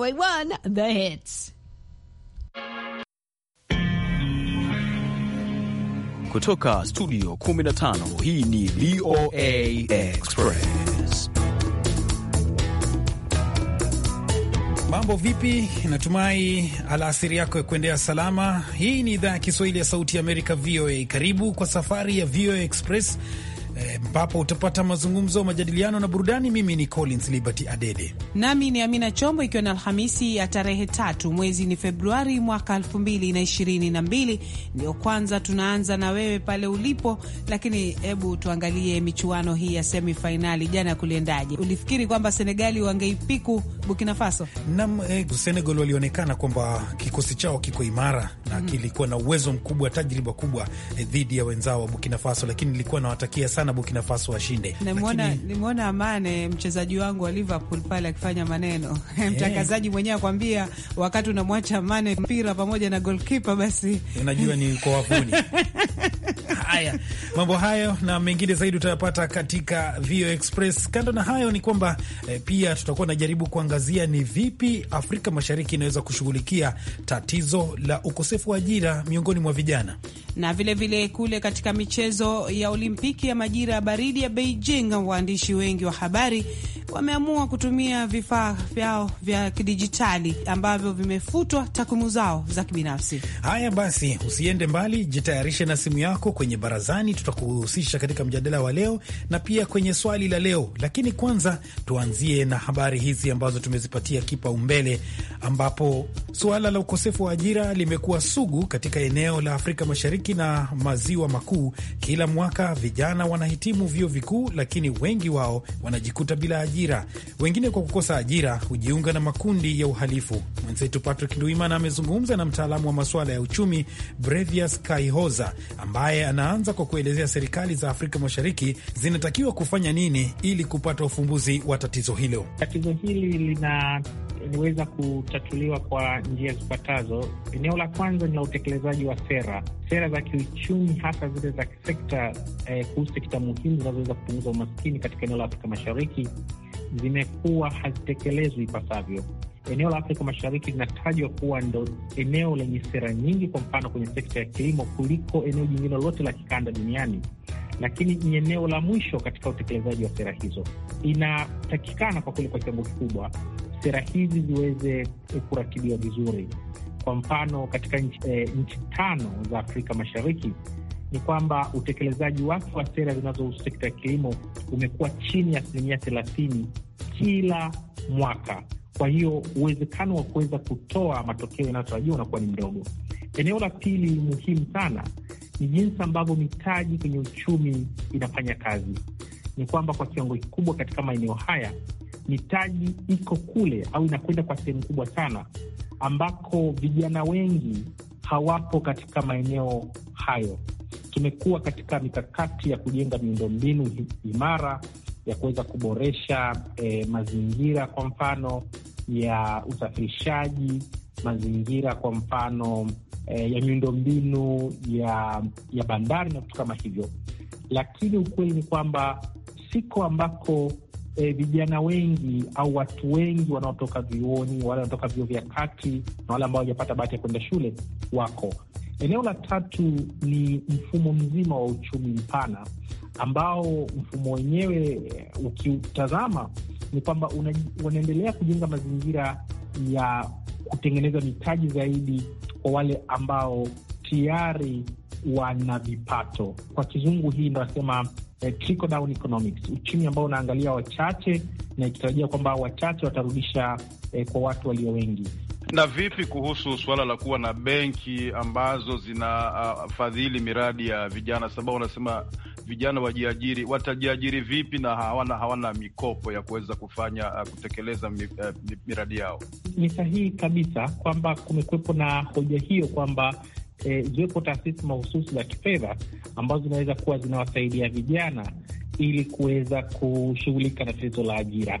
1, The Hits. Kutoka studio 15 hii ni VOA Express. Mambo vipi? Natumai alaasiri yako ya kuendea salama. Hii ni idhaa ya Kiswahili ya Sauti ya Amerika, VOA. Karibu kwa safari ya VOA Express ambapo eh, e, utapata mazungumzo, majadiliano na burudani. Mimi ni Collins Liberty Adede nami ni Amina Chombo, ikiwa na Alhamisi ya tarehe tatu mwezi ni Februari mwaka elfu mbili na ishirini na mbili. Ndio kwanza tunaanza na wewe pale ulipo, lakini hebu tuangalie michuano hii ya semifainali. Jana kuliendaje? Ulifikiri kwamba Senegali wangeipiku Burkina Faso? Nam eh, Senegal walionekana kwamba kikosi chao kiko imara na mm -hmm. kilikuwa na uwezo mkubwa, tajriba kubwa eh, dhidi ya wenzao wa Burkina Faso, lakini nilikuwa nawatakia sana sana Burkina Faso washinde. Nimeona Amane mchezaji wangu wa Liverpool pale akifanya maneno yeah. Mtangazaji mwenyewe akwambia wakati unamwacha Amane mpira pamoja na golkipe basi unajua ni kwa wavuni Haya, mambo hayo na mengine zaidi utayapata katika VO Express. Kando na hayo ni kwamba eh, pia tutakuwa najaribu kuangazia ni vipi Afrika Mashariki inaweza kushughulikia tatizo la ukosefu wa ajira miongoni mwa vijana, na vilevile vile kule katika michezo ya Olimpiki ya majira ya baridi ya Beijing, waandishi wengi wa habari wameamua kutumia vifaa vyao vya kidijitali ambavyo vimefutwa takwimu zao za kibinafsi. Haya basi, usiende mbali, jitayarishe na simu yako kwenye barazani, tutakuhusisha katika mjadala wa leo na pia kwenye swali la leo. Lakini kwanza tuanzie na habari hizi ambazo tumezipatia kipaumbele, ambapo suala la ukosefu wa ajira limekuwa sugu katika eneo la Afrika Mashariki na Maziwa Makuu. Kila mwaka vijana wanahitimu vyuo vikuu, lakini wengi wao wanajikuta bila ajira. Wengine kwa kukosa ajira hujiunga na makundi ya uhalifu. Mwenzetu Patrick Nduimana amezungumza na mtaalamu wa masuala ya uchumi Brevias Kaihoza ambaye ana anaanza kwa kuelezea serikali za Afrika Mashariki zinatakiwa kufanya nini ili kupata ufumbuzi wa tatizo hilo. Tatizo hili linaweza kutatuliwa kwa njia zifuatazo. Eneo la kwanza ni la utekelezaji wa sera sera za kiuchumi, hasa zile za kisekta eh, kuhusu sekta muhimu zinazoweza kupunguza umaskini katika eneo la Afrika Mashariki zimekuwa hazitekelezwi ipasavyo eneo la Afrika Mashariki linatajwa kuwa ndo eneo lenye sera nyingi, kwa mfano kwenye sekta ya kilimo, kuliko eneo jingine lolote la kikanda duniani, lakini ni eneo la mwisho katika utekelezaji wa sera hizo. Inatakikana kwa kweli, kwa kiwango kikubwa, sera hizi ziweze kuratibiwa vizuri. Kwa mfano katika nchi, eh, nchi tano za Afrika Mashariki ni kwamba utekelezaji wake wa sera zinazohusu sekta ya kilimo umekuwa chini ya asilimia thelathini kila mwaka kwa hiyo uwezekano wa kuweza kutoa matokeo yanayotarajiwa unakuwa ni mdogo. Eneo la pili muhimu sana ni jinsi ambavyo mitaji kwenye uchumi inafanya kazi. Ni kwamba kwa kiwango kikubwa katika maeneo haya mitaji iko kule au inakwenda kwa sehemu kubwa sana ambako vijana wengi hawapo katika maeneo hayo. Tumekuwa katika mikakati ya kujenga miundombinu imara ya kuweza kuboresha eh, mazingira kwa mfano ya usafirishaji mazingira, kwa mfano eh, ya miundombinu ya, ya bandari na vitu kama hivyo, lakini ukweli ni kwamba siko ambako eh, vijana wengi au watu wengi wanaotoka vyuoni, wale wanaotoka vyuo vya kati na wale ambao hawajapata bahati ya kwenda shule wako. Eneo la tatu ni mfumo mzima wa uchumi mpana, ambao mfumo wenyewe eh, ukiutazama ni kwamba wanaendelea kujenga mazingira ya kutengeneza mitaji zaidi kwa wale ambao tayari wana vipato. Kwa kizungu hii ndo nasema eh, trickle down economics, uchumi ambao unaangalia wachache na ikitarajia kwamba wachache watarudisha eh, kwa watu walio wengi. Na vipi kuhusu suala la kuwa na benki ambazo zinafadhili ah, uh, miradi ya vijana? Sababu wanasema vijana wajiajiri, watajiajiri vipi na hawana hawana mikopo ya kuweza kufanya uh, kutekeleza mi, uh, miradi yao? Ni sahihi kabisa kwamba kumekuwepo na hoja hiyo kwamba eh, ziwepo taasisi mahususi za kifedha ambazo zinaweza kuwa zinawasaidia vijana ili kuweza kushughulika na tatizo la ajira.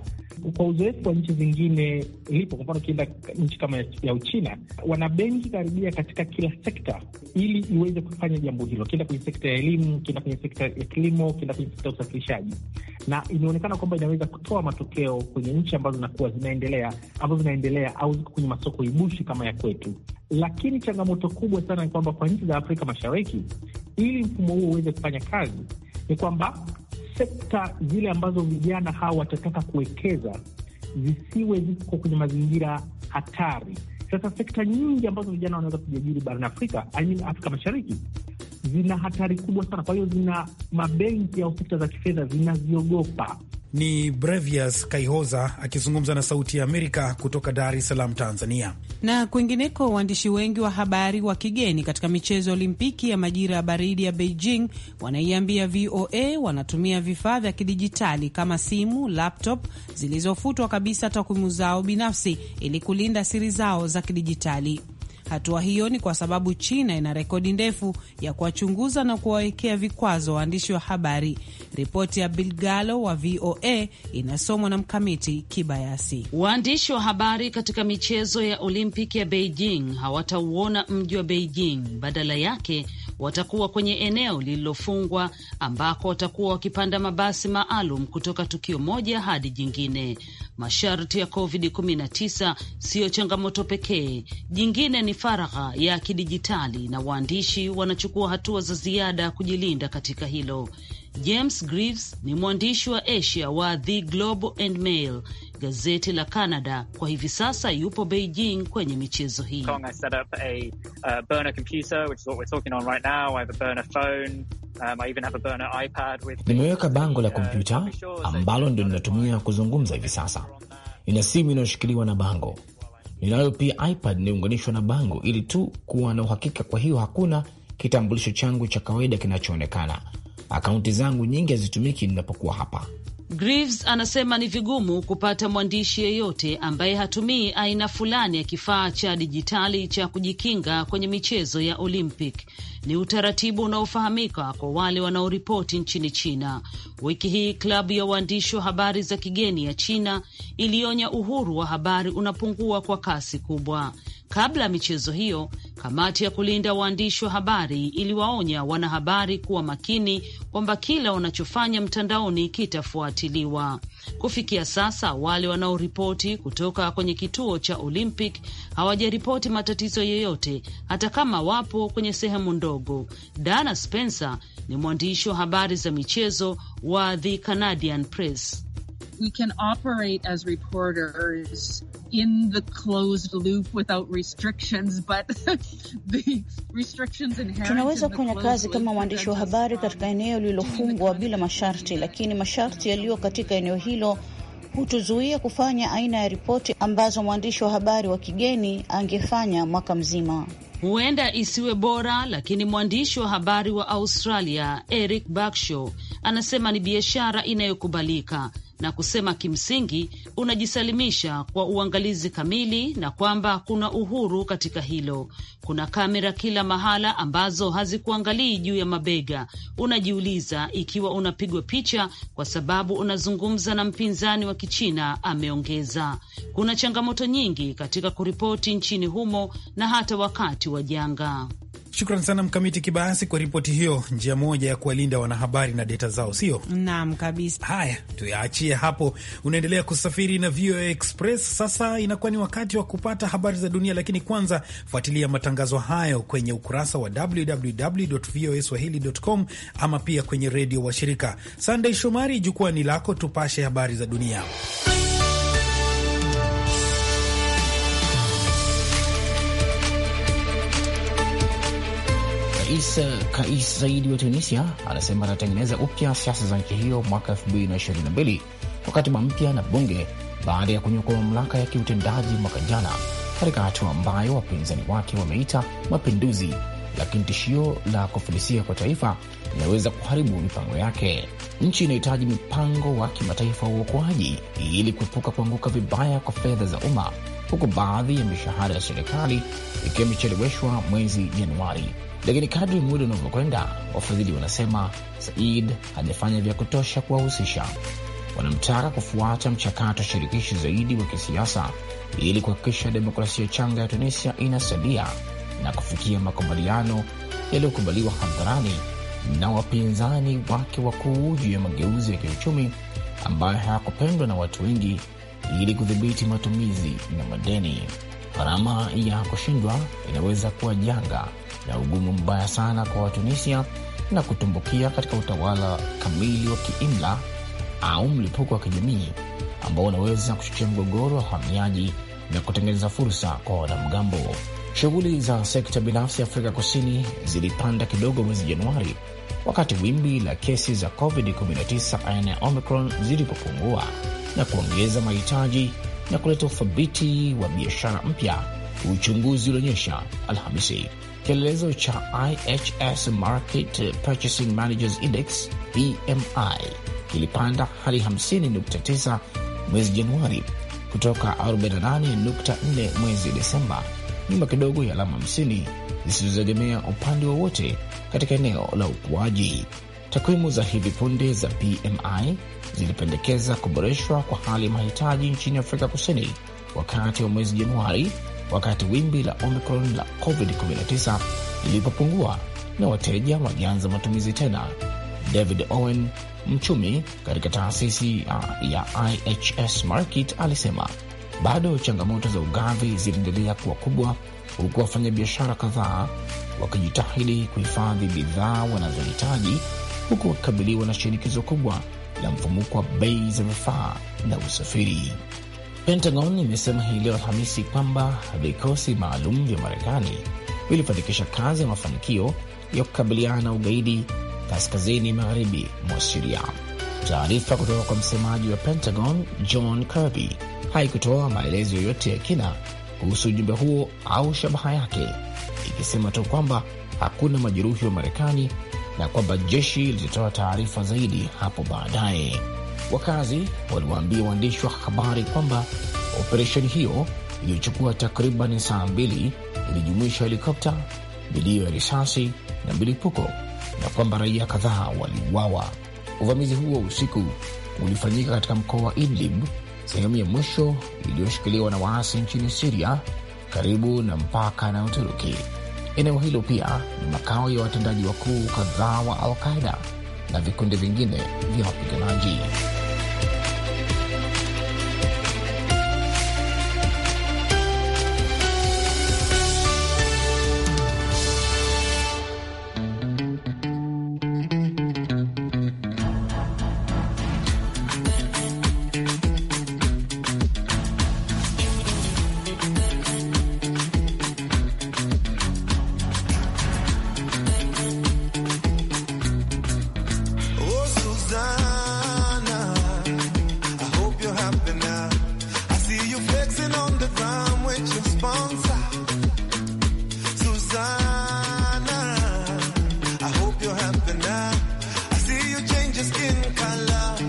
Kwa uzoefu wa nchi zingine lipo, kwa mfano ukienda nchi kama ya Uchina, wana benki karibia katika kila sekta ili iweze kufanya jambo hilo. Ukienda kwenye sekta ya elimu, ukienda kwenye sekta ya kilimo, ukienda kwenye sekta ya usafirishaji, na imeonekana kwamba inaweza kutoa matokeo kwenye nchi ambazo zinakuwa zinaendelea, ambazo zinaendelea au ziko kwenye masoko ibushi kama ya kwetu. Lakini changamoto kubwa sana ni kwamba kwa nchi za Afrika Mashariki, ili mfumo huo uweze kufanya kazi ni kwamba sekta zile ambazo vijana hawa watataka kuwekeza zisiwe ziko kwenye mazingira hatari. Sasa sekta nyingi ambazo vijana wanaweza kujiajiri barani Afrika, I mean Afrika Mashariki, zina hatari kubwa sana. Kwa hiyo zina mabenki au sekta za kifedha zinaziogopa. Ni brevius Kaihoza akizungumza na Sauti ya Amerika kutoka Dar es Salaam, Tanzania. Na kwingineko, waandishi wengi wa habari wa kigeni katika michezo ya Olimpiki ya majira ya baridi ya Beijing wanaiambia VOA wanatumia vifaa vya kidijitali kama simu, laptop zilizofutwa kabisa takwimu zao binafsi ili kulinda siri zao za kidijitali. Hatua hiyo ni kwa sababu China ina rekodi ndefu ya kuwachunguza na kuwawekea vikwazo waandishi wa habari. Ripoti ya Bilgalo wa VOA inasomwa na Mkamiti Kibayasi. Waandishi wa habari katika michezo ya Olimpiki ya Beijing hawatauona mji wa Beijing, badala yake watakuwa kwenye eneo lililofungwa ambako watakuwa wakipanda mabasi maalum kutoka tukio moja hadi jingine. Masharti ya COVID-19 siyo changamoto pekee, jingine ni faragha ya kidijitali, na waandishi wanachukua hatua za ziada kujilinda katika hilo. James Greaves ni mwandishi wa Asia wa The Globe and Mail, gazeti la Canada. Kwa hivi sasa yupo Beijing kwenye michezo hii. Uh, um, Nimeweka bango la uh, kompyuta ambalo ndio ninatumia kuzungumza hivi sasa. Nina simu inayoshikiliwa na bango, ninayo pia iPad inayounganishwa na bango, ili tu kuwa na uhakika. Kwa hiyo hakuna kitambulisho changu cha kawaida kinachoonekana akaunti zangu nyingi hazitumiki ninapokuwa hapa. Greaves anasema ni vigumu kupata mwandishi yeyote ambaye hatumii aina fulani ya kifaa cha dijitali cha kujikinga kwenye michezo ya Olympic. Ni utaratibu unaofahamika kwa wale wanaoripoti nchini China. Wiki hii klabu ya waandishi wa habari za kigeni ya China ilionya uhuru wa habari unapungua kwa kasi kubwa. Kabla ya michezo hiyo, kamati ya kulinda waandishi wa habari iliwaonya wanahabari kuwa makini kwamba kila wanachofanya mtandaoni kitafuatiliwa. Kufikia sasa, wale wanaoripoti kutoka kwenye kituo cha Olympic hawajaripoti matatizo yoyote, hata kama wapo kwenye sehemu ndogo. Dana Spencer ni mwandishi wa habari za michezo wa The Canadian Press we can operate as reporters in the closed loop without restrictions, but the restrictions inherent. Tunaweza kufanya kazi kama waandishi wa habari katika eneo lililofungwa bila masharti, lakini masharti yaliyo katika eneo hilo hutuzuia kufanya aina ya ripoti ambazo mwandishi wa habari wa kigeni angefanya mwaka mzima. Huenda isiwe bora, lakini mwandishi wa habari wa Australia Eric Bakshaw anasema ni biashara inayokubalika na kusema kimsingi unajisalimisha kwa uangalizi kamili na kwamba kuna uhuru katika hilo. Kuna kamera kila mahala ambazo hazikuangalii juu ya mabega. Unajiuliza ikiwa unapigwa picha kwa sababu unazungumza na mpinzani wa Kichina, ameongeza. Kuna changamoto nyingi katika kuripoti nchini humo na hata wakati wa janga Shukran sana Mkamiti Kibayasi kwa ripoti hiyo, njia moja ya kuwalinda wanahabari na data zao, sio? Naam, kabisa. Haya, tuyaachie hapo. Unaendelea kusafiri na VOA Express. Sasa inakuwa ni wakati wa kupata habari za dunia, lakini kwanza fuatilia matangazo hayo kwenye ukurasa wa www voa swahili.com ama pia kwenye redio washirika. Sandey Shomari, jukwani lako, tupashe habari za dunia. Rais Kais Saidi wa Tunisia anasema atatengeneza upya siasa za nchi hiyo mwaka 222 kwa katiba mpya na bunge baada ya kunyakua mamlaka ya kiutendaji mwaka jana, katika hatua ambayo wapinzani wake wameita mapinduzi, lakini tishio la kufilisia kwa taifa linaweza kuharibu mipango yake. Nchi inahitaji mpango wa kimataifa wa uokoaji ili kuepuka kuanguka vibaya kwa fedha za umma huku baadhi ya mishahara ya serikali ikiwa imecheleweshwa mwezi Januari. Lakini kadri muda unavyokwenda, wafadhili wanasema Said hajafanya vya kutosha kuwahusisha. Wanamtaka kufuata mchakato shirikishi zaidi wa kisiasa ili kuhakikisha demokrasia changa ya Tunisia inasalia na kufikia makubaliano yaliyokubaliwa hadharani na wapinzani wake wakuu juu ya mageuzi ya kiuchumi ambayo hayakupendwa na watu wengi ili kudhibiti matumizi na madeni. Gharama ya kushindwa inaweza kuwa janga na ugumu mbaya sana kwa Watunisia na kutumbukia katika utawala kamili wa kiimla au mlipuko wa kijamii ambao unaweza kuchochea mgogoro wa uhamiaji na kutengeneza fursa kwa wanamgambo. Shughuli za sekta binafsi Afrika Kusini zilipanda kidogo mwezi Januari wakati wimbi la kesi za COVID-19 aina ya Omicron zilipopungua na kuongeza mahitaji na kuleta uthabiti wa biashara mpya, uchunguzi ulionyesha Alhamisi. Kielelezo cha IHS Market Purchasing Managers Index PMI kilipanda hadi 50.9 mwezi Januari kutoka 48.4 mwezi Desemba, nyuma kidogo ya alama 50 zisizoegemea upande wowote katika eneo la ukuaji. Takwimu za hivi punde za PMI zilipendekeza kuboreshwa kwa hali ya mahitaji nchini Afrika Kusini wakati wa mwezi Januari, wakati wimbi la Omicron la COVID-19 lilipopungua na wateja walianza matumizi tena. David Owen, mchumi katika taasisi ya IHS Market, alisema bado changamoto za ugavi ziliendelea kuwa kubwa, huku wafanyabiashara kadhaa wakijitahidi kuhifadhi bidhaa wanazohitaji huku wakikabiliwa na shinikizo kubwa la mfumuko wa bei za vifaa na usafiri. Pentagon imesema hii leo Alhamisi kwamba vikosi maalum vya Marekani vilifanikisha kazi ya mafanikio ya kukabiliana na ugaidi kaskazini magharibi mwa Siria. Taarifa kutoka kwa msemaji wa Pentagon John Kirby haikutoa maelezo yoyote ya kina kuhusu ujumbe huo au shabaha yake, ikisema tu kwamba hakuna majeruhi wa Marekani na kwamba jeshi litatoa taarifa zaidi hapo baadaye. Wakazi waliwaambia waandishi wa habari kwamba operesheni hiyo iliyochukua takriban saa mbili ilijumuisha helikopta, milio ya risasi na milipuko, na kwamba raia kadhaa waliuawa. Uvamizi huo usiku ulifanyika katika mkoa wa Idlib, sehemu ya mwisho iliyoshikiliwa na waasi nchini Siria, karibu na mpaka na Uturuki. Eneo hilo pia ni makao ya watendaji wakuu kadhaa wa Qaida na vikundi vingine vya wapiganaji. changes in color.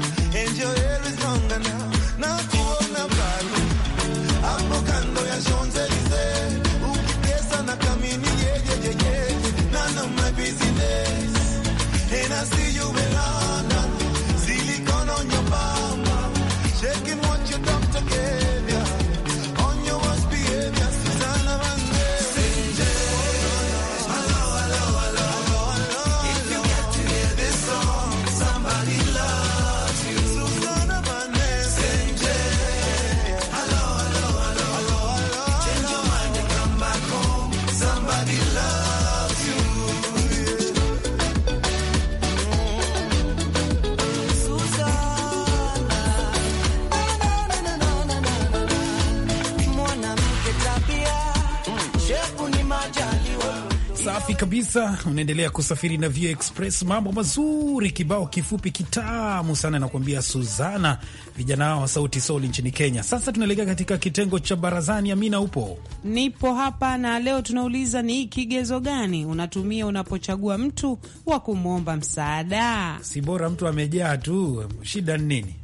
kabisa, unaendelea kusafiri na Vio Express. Mambo mazuri kibao kifupi kitamu sana, nakuambia Suzana, vijana hao wa Sauti Sol nchini Kenya. Sasa tunaelekea katika kitengo cha barazani. Amina, upo? Nipo hapa, na leo tunauliza ni kigezo gani unatumia unapochagua mtu wa kumwomba msaada? Si bora mtu amejaa tu, shida ni nini?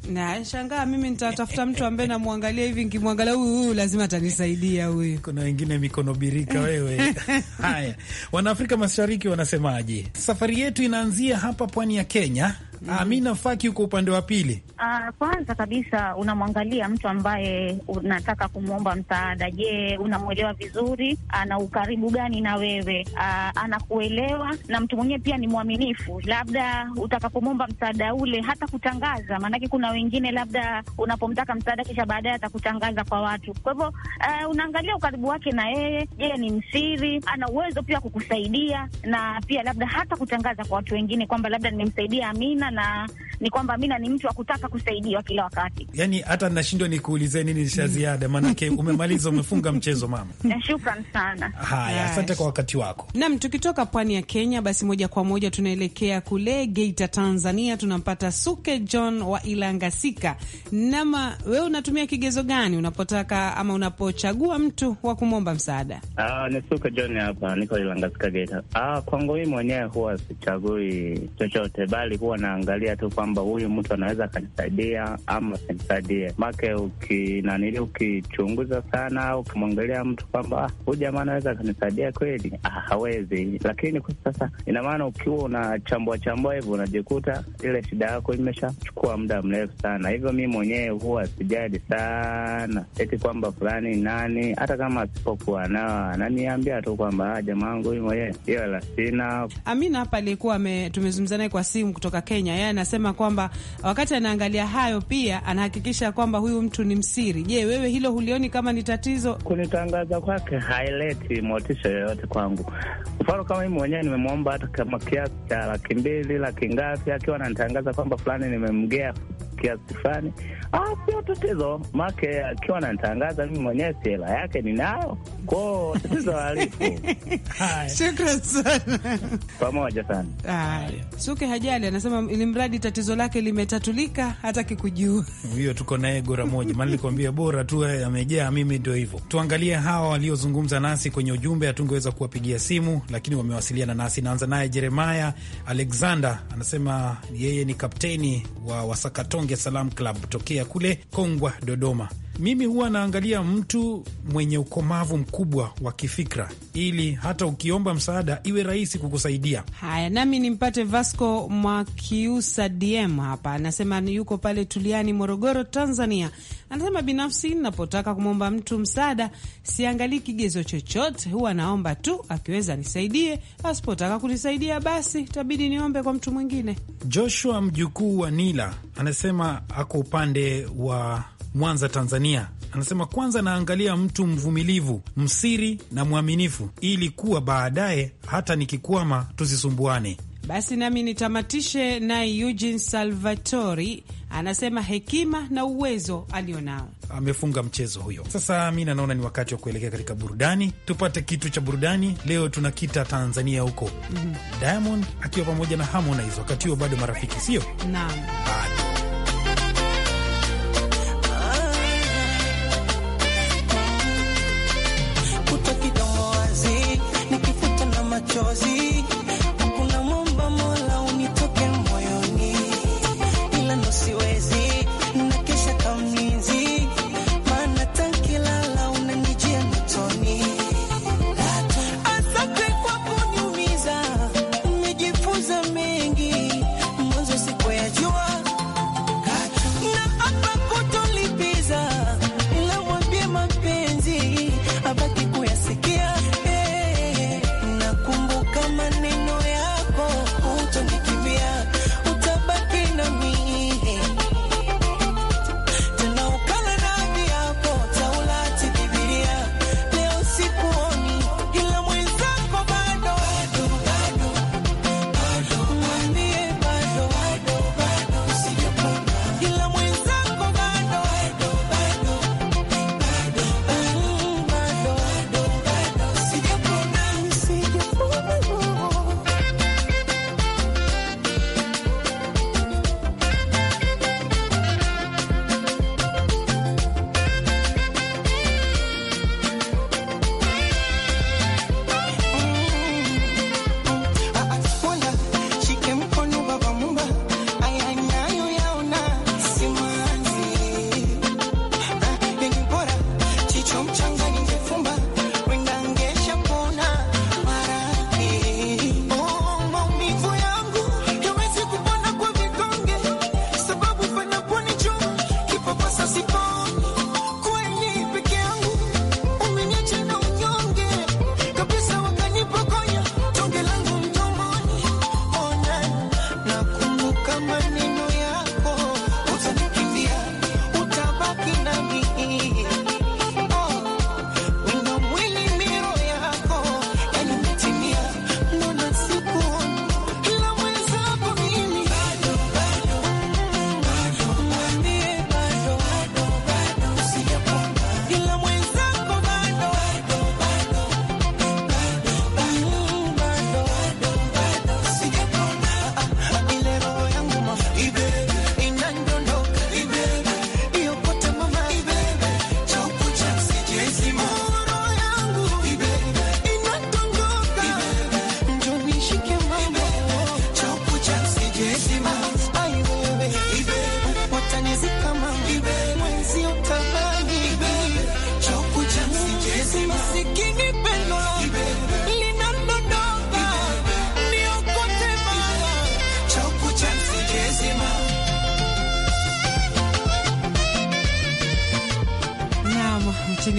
mimi nitatafuta mtu ambaye namwangalia hivi, nkimwangalia huyu huyu lazima atanisaidia huyu. Kuna wengine mikono birika wewe. Haya, Wanaafrika Mashariki wanasemaje? Safari yetu inaanzia hapa pwani ya Kenya Ah, mm. Mhm. Amina Faki, uko upande wa pili. Uh, kwanza kabisa unamwangalia mtu ambaye unataka kumwomba msaada. Je, unamwelewa vizuri? Ana ukaribu gani na wewe? Uh, anakuelewa na mtu mwenyewe pia ni mwaminifu. Labda utakapomwomba msaada ule hata kutangaza, maanake kuna wengine labda unapomtaka msaada kisha baadaye atakutangaza kwa watu. Kwa hivyo uh, unaangalia ukaribu wake na yeye. Je, ni msiri? Ana uwezo pia kukusaidia na pia labda hata kutangaza kwa watu wengine kwamba labda nimemsaidia Amina sana, na ni kwamba mina ni mtu wa kutaka kusaidiwa kila wakati. Yani hata nashindwa nikuulize nini cha mm. ziada, maanake umemaliza, umefunga mchezo mama. Na shukran sana. Haya, yes. Asante kwa wakati wako. Nam, tukitoka pwani ya Kenya basi moja kwa moja tunaelekea kule Geita, Tanzania. Tunampata Suke John wa Ilangasika. Nama, wewe unatumia kigezo gani unapotaka ama unapochagua mtu wa kumwomba msaada? Ah, ni Suke John hapa, niko Ilangasika Geita. Ah, kwangu mimi mwenyewe huwa sichagui chochote, bali huwa na unaangalia tu kwamba huyu mtu anaweza akanisaidia ama asinisaidie. Make ukinanili ukichunguza sana, ukimwangalia mtu kwamba ah, huyu jamaa anaweza akanisaidia kweli, ah, hawezi. Lakini kwa sasa, ina maana ukiwa unachambua chambua hivyo, unajikuta ile shida yako imeshachukua muda mrefu sana. Hivyo mi mwenyewe huwa sijali sana eti kwamba fulani nani, hata kama asipokuwa nao ananiambia tu kwamba ah, jamaa wangu hiyo la sina. Amina hapa aliyekuwa tumezungumza naye kwa simu kutoka Kenya Kenya. Yeye anasema kwamba wakati anaangalia hayo, pia anahakikisha kwamba huyu mtu ni msiri. Je, wewe hilo hulioni kama ni tatizo? Kunitangaza kwake haileti motisha yoyote kwangu. Mfano kama mimi mwenyewe nimemwomba hata kama kiasi cha laki mbili laki ngapi, akiwa ananitangaza kwamba fulani nimemgea kiasi fulani. Ah, sio tatizo, make akiwa nantangaza mimi mwenyewe si hela yake ninayo kwao, tatizo halipo. Shukran sana, pamoja sana. Suke hajali anasema ili mradi tatizo lake limetatulika, hata kikujua hiyo. Tuko naye gora moja, maana nilikwambia bora tu amejaa. Mimi ndio hivyo. Tuangalie hawa waliozungumza nasi kwenye ujumbe, hatungeweza kuwapigia simu, lakini wamewasiliana nasi. Naanza naye Jeremaya Alexander, anasema yeye ni kapteni wa wasakatonga Msonge Salam Club tokea kule Kongwa, Dodoma. Mimi huwa naangalia mtu mwenye ukomavu mkubwa wa kifikra, ili hata ukiomba msaada iwe rahisi kukusaidia. Haya, nami nimpate Vasco Mwakiusa DM hapa, anasema yuko pale Tuliani, Morogoro, Tanzania. Anasema binafsi, napotaka kumwomba mtu msaada siangalii kigezo chochote, huwa naomba tu akiweza nisaidie, asipotaka kunisaidia basi itabidi niombe kwa mtu mwingine. Joshua mjukuu wa Nila anasema ako upande wa Mwanza, Tanzania, anasema kwanza naangalia mtu mvumilivu, msiri na mwaminifu, ili kuwa baadaye hata nikikwama tusisumbuane. Basi nami nitamatishe naye Eugene Salvatori anasema hekima na uwezo alionao amefunga mchezo huyo. Sasa mi naona ni wakati wa kuelekea katika burudani, tupate kitu cha burudani leo. Tunakita Tanzania huko, mm -hmm. Diamond akiwa pamoja na Harmonize, wakati huo bado marafiki, sio naam.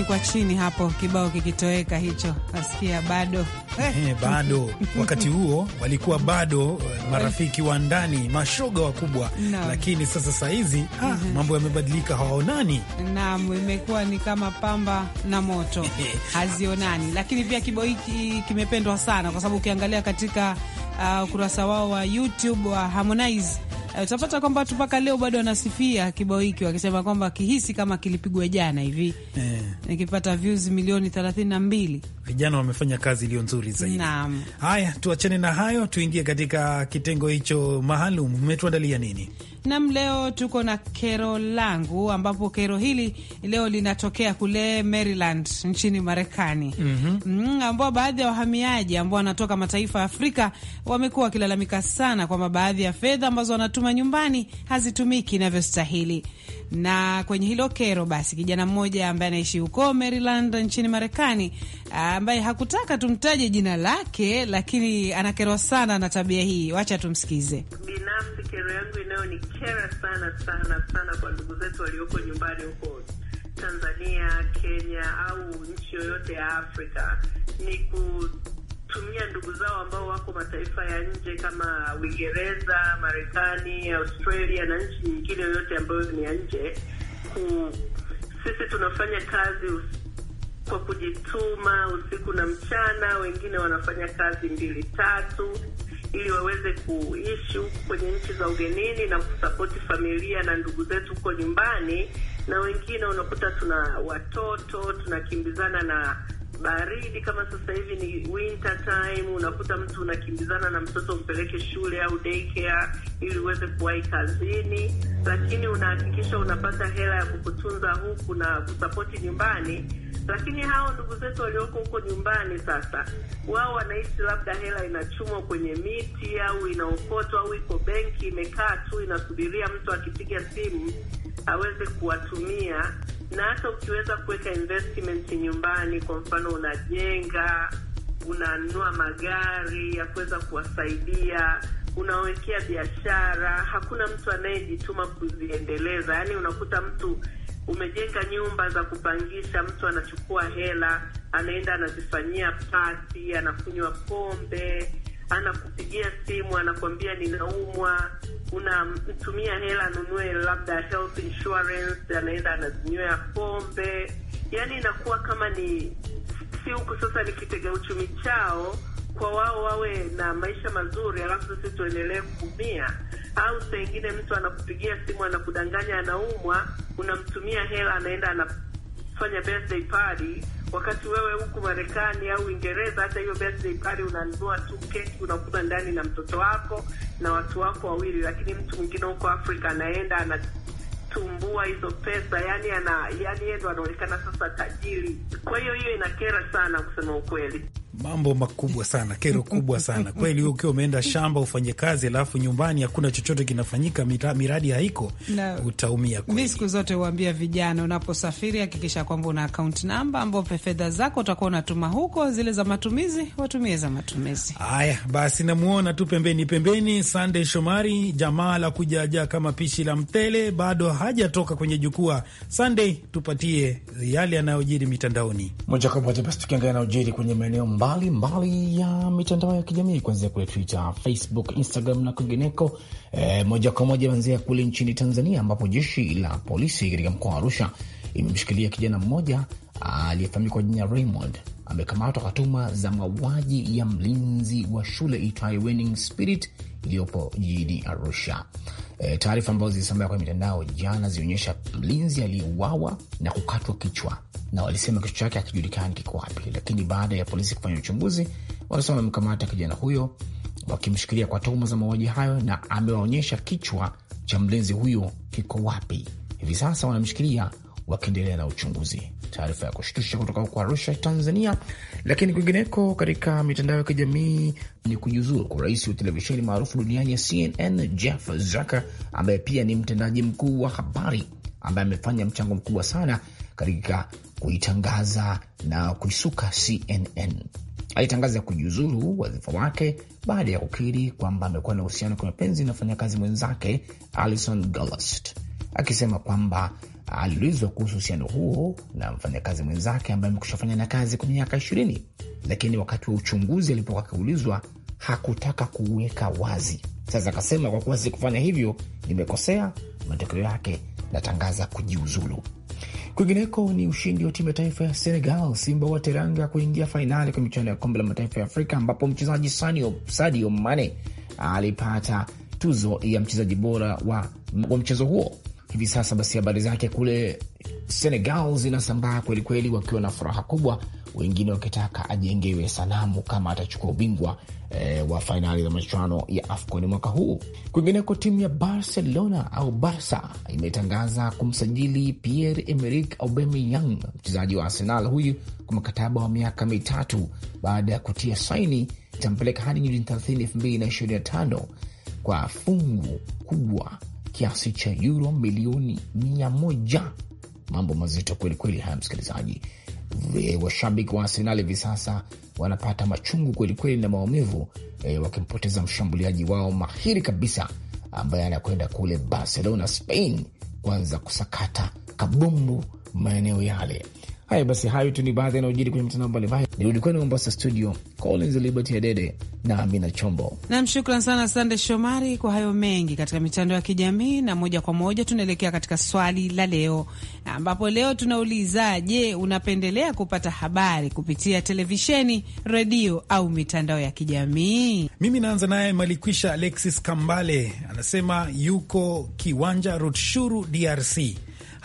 kwa chini hapo, kibao kikitoweka hicho, kasikia bado eh, bado wakati huo walikuwa bado eh, marafiki wa ndani, mashoga wakubwa no. Lakini sasa sahizi ah, mm -hmm. Mambo yamebadilika, hawaonani. Naam, imekuwa ni kama pamba na moto hazionani. Lakini pia kibao hiki kimependwa sana, kwa sababu ukiangalia katika ah, ukurasa uh, wao wa YouTube wa Harmonize Eh, utapata kwamba watu mpaka leo bado wanasifia kibao hiki wakisema kwamba kihisi kama kilipigwa jana hivi, eh. nikipata views milioni thelathini na mbili vijana wamefanya kazi iliyo nzuri zaidi. Naam. Haya, tuachane na hayo, tuingie katika kitengo hicho maalum. Mmetuandalia nini? Nam, leo tuko na kero langu, ambapo kero hili leo linatokea kule Maryland nchini Marekani. mm -hmm. Mm, ambao baadhi ya wahamiaji ambao wanatoka mataifa ya Afrika wamekuwa wakilalamika sana kwamba baadhi ya fedha ambazo wanatuma nyumbani hazitumiki inavyostahili. Na kwenye hilo kero, basi kijana mmoja ambaye anaishi huko Maryland nchini Marekani ambaye hakutaka tumtaje jina lake, lakini anakerwa sana na tabia hii. Wacha tumsikize. Binafsi kero yangu inayonikera sana sana sana kwa ndugu zetu walioko nyumbani huko Tanzania, Kenya au nchi yoyote ya Afrika ni kutumia ndugu zao ambao wako mataifa ya nje kama Uingereza, Marekani, Australia na nchi nyingine yoyote ambayo ni ya nje sisi tunafanya kazi kwa kujituma usiku na mchana, wengine wanafanya kazi mbili tatu ili waweze kuishi huku kwenye nchi za ugenini na kusapoti familia na ndugu zetu huko nyumbani, na wengine unakuta tuna watoto tunakimbizana na baridi kama sasa hivi ni winter time, unakuta mtu unakimbizana na mtoto umpeleke shule au daycare ili uweze kuwahi kazini, lakini unahakikisha unapata hela ya kukutunza huku na kusapoti nyumbani lakini hao ndugu zetu walioko huko nyumbani, sasa wao wanaishi labda hela inachumwa kwenye miti au inaokotwa au iko benki imekaa tu inasubiria mtu akipiga simu aweze kuwatumia. Na hata ukiweza kuweka investment nyumbani, kwa mfano unajenga, unanunua magari ya kuweza kuwasaidia unawekea biashara, hakuna mtu anayejituma kuziendeleza. Yaani unakuta mtu umejenga nyumba za kupangisha, mtu anachukua hela anaenda anazifanyia pati, anakunywa pombe, anakupigia simu, anakuambia ninaumwa, unamtumia hela anunue labda health insurance, anaenda anazinywea pombe. Yani inakuwa kama ni si huku sasa ni kitega uchumi chao, kwa wao wawe na maisha mazuri, alafu sisi tuendelee kuumia au saa ingine mtu anakupigia simu anakudanganya anaumwa, unamtumia hela, anaenda anafanya birthday party, wakati wewe huku Marekani au Uingereza, hata hiyo birthday party unanunua tu keki, unakula ndani na mtoto wako na watu wako wawili, lakini mtu mwingine huko Afrika anaenda anatumbua hizo pesa, yani ana yani yeye ndo anaonekana sasa tajiri. Kwa hiyo hiyo inakera sana kusema ukweli. Mambo makubwa sana, kero kubwa sana kweli. Huo ukiwa umeenda shamba ufanye kazi, alafu nyumbani hakuna chochote kinafanyika, miradi haiko Utaumia kweli. Mi siku zote huambia vijana, unaposafiri hakikisha kwamba una akaunti namba ambapo fedha zako utakuwa unatuma huko, zile za matumizi watumie za matumizi. Haya basi, namuona tu pembeni pembeni Sande Shomari, jamaa la kujaja kama pishi la mtele, bado hajatoka kwenye jukwaa. Sande, tupatie yale yanayojiri mitandaoni moja kwa moja. Basi tukiangalia yanayojiri kwenye maeneo mbalimbali ya mitandao ya kijamii kuanzia kule Twitter, Facebook, Instagram na kwingineko. E, moja kwa moja anzia kule nchini Tanzania ambapo jeshi la polisi katika mkoa wa Arusha imemshikilia kijana mmoja ah, aliyefahamika kwa jina Raymond amekamatwa kwa tuhuma za mauaji ya mlinzi wa shule itwayo Winning Spirit iliyopo jijini Arusha. E, taarifa ambazo zilisambaa kwenye mitandao jana zilionyesha mlinzi aliyeuawa na kukatwa kichwa, na walisema kichwa chake hakijulikani kiko wapi, lakini baada ya polisi kufanya uchunguzi, wanasema wamemkamata kijana huyo wakimshikilia kwa tuhuma za mauaji hayo, na amewaonyesha kichwa cha mlinzi huyo kiko wapi. Hivi sasa wanamshikilia wakiendelea na uchunguzi. Taarifa ya kushtusha kutoka huko Arusha, Tanzania. Lakini kwingineko katika mitandao ya kijamii ni kujiuzuru kwa rais wa televisheni maarufu duniani ya CNN Jeff Zucker, ambaye pia ni mtendaji mkuu wa habari, ambaye amefanya mchango mkubwa sana katika kuitangaza na kuisuka CNN. Alitangaza kujiuzuru wadhifa wake baada ya kukiri kwamba amekuwa na uhusiano kwa mapenzi na mfanyakazi mwenzake Alison Gollust, akisema kwamba aliulizwa kuhusu uhusiano huo na mfanyakazi mwenzake ambaye amekusha fanya na kazi kwa miaka ishirini, lakini wakati wa uchunguzi alipokuwa akiulizwa hakutaka kuweka wazi. Sasa akasema kwa kuwa sikufanya hivyo nimekosea, matokeo yake natangaza kujiuzulu. Kwingineko ni ushindi wa timu ya taifa ya Senegal, Simba wa Teranga, kuingia fainali kwa michuano ya kombe la mataifa ya Afrika, ambapo mchezaji Sadio Mane alipata tuzo ya mchezaji bora wa, wa mchezo huo hivi sasa basi habari zake kule Senegal zinasambaa kwelikweli, wakiwa na furaha kubwa, wengine wakitaka ajengewe sanamu kama atachukua ubingwa e, wa fainali za machuano ya AFCON mwaka huu. Kwingineko, timu ya Barcelona au Barsa imetangaza kumsajili Pierre Emerick Aubameyang, mchezaji wa Arsenal huyu kwa mkataba wa miaka mitatu. Baada ya kutia saini, itampeleka hadi Juni 30, kwa fungu kubwa kiasi cha euro milioni mia moja. Mambo mazito kwelikweli haya, msikilizaji. Washabiki wa Arsenal hivi sasa wanapata machungu kwelikweli na maumivu e, wakimpoteza mshambuliaji wao mahiri kabisa ambaye anakwenda kule Barcelona, Spain, kuanza kusakata kabumbu maeneo yale. Haya basi, hayo tu ni baadhi yanayojiri kwenye mitandao mbalimbali. Nirudi kwenu Mombasa studio, Collins Liberty Adede na Amina Chombo. Nam, shukran sana Sande Shomari kwa hayo mengi katika mitandao ya kijamii. Na moja kwa moja tunaelekea katika swali la leo, ambapo leo tunauliza, je, unapendelea kupata habari kupitia televisheni, redio au mitandao ya kijamii? Mimi naanza naye Malikwisha Alexis Kambale, anasema yuko Kiwanja Rutshuru, DRC.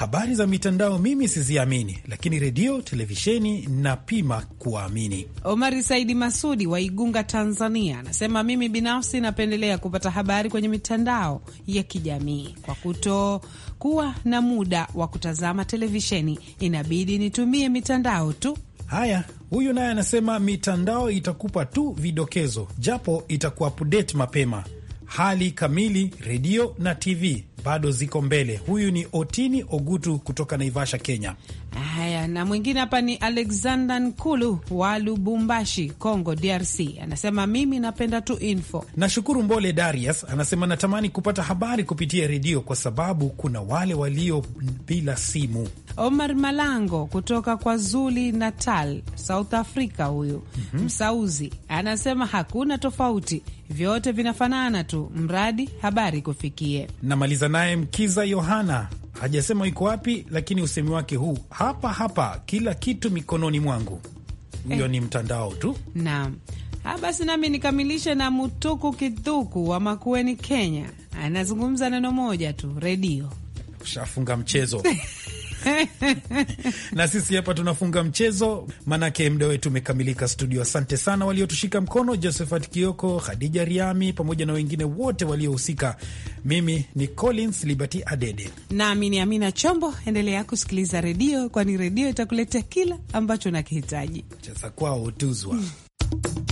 Habari za mitandao mimi siziamini, lakini redio, televisheni napima kuwaamini. Omari Saidi Masudi wa Igunga, Tanzania, anasema mimi binafsi napendelea kupata habari kwenye mitandao ya kijamii kwa kutokuwa na muda wa kutazama televisheni, inabidi nitumie mitandao tu. Haya, huyu naye anasema mitandao itakupa tu vidokezo, japo itakuupdate mapema hali kamili, redio na TV bado ziko mbele. Huyu ni Otini Ogutu kutoka Naivasha, Kenya. Ay na mwingine hapa ni Alexander Nkulu wa Lubumbashi, Congo DRC, anasema mimi napenda tu info. Nashukuru. Mbole Darius anasema natamani kupata habari kupitia redio kwa sababu kuna wale walio bila simu. Omar Malango kutoka kwa Zuli Natal, South Africa, huyu mm -hmm. msauzi anasema hakuna tofauti, vyote vinafanana tu, mradi habari kufikie. Namaliza naye Mkiza Yohana hajasema iko wapi, lakini usemi wake huu hapa hapa, kila kitu mikononi mwangu. Hiyo eh, ni mtandao tu. Naam. Ha, basi nami nikamilishe na Mutuku Kithuku wa Makueni, Kenya, anazungumza neno moja tu, redio. Ushafunga mchezo na sisi hapa tunafunga mchezo, maanake mda wetu umekamilika studio. Asante sana waliotushika mkono, Josephat Kioko, Khadija Riami pamoja na wengine wote waliohusika. Mimi ni Collins Liberty Adede nami ni Amina Chombo. Endelea kusikiliza redio, kwani redio itakuletea kila ambacho unakihitaji. Cheza kwao tuzwa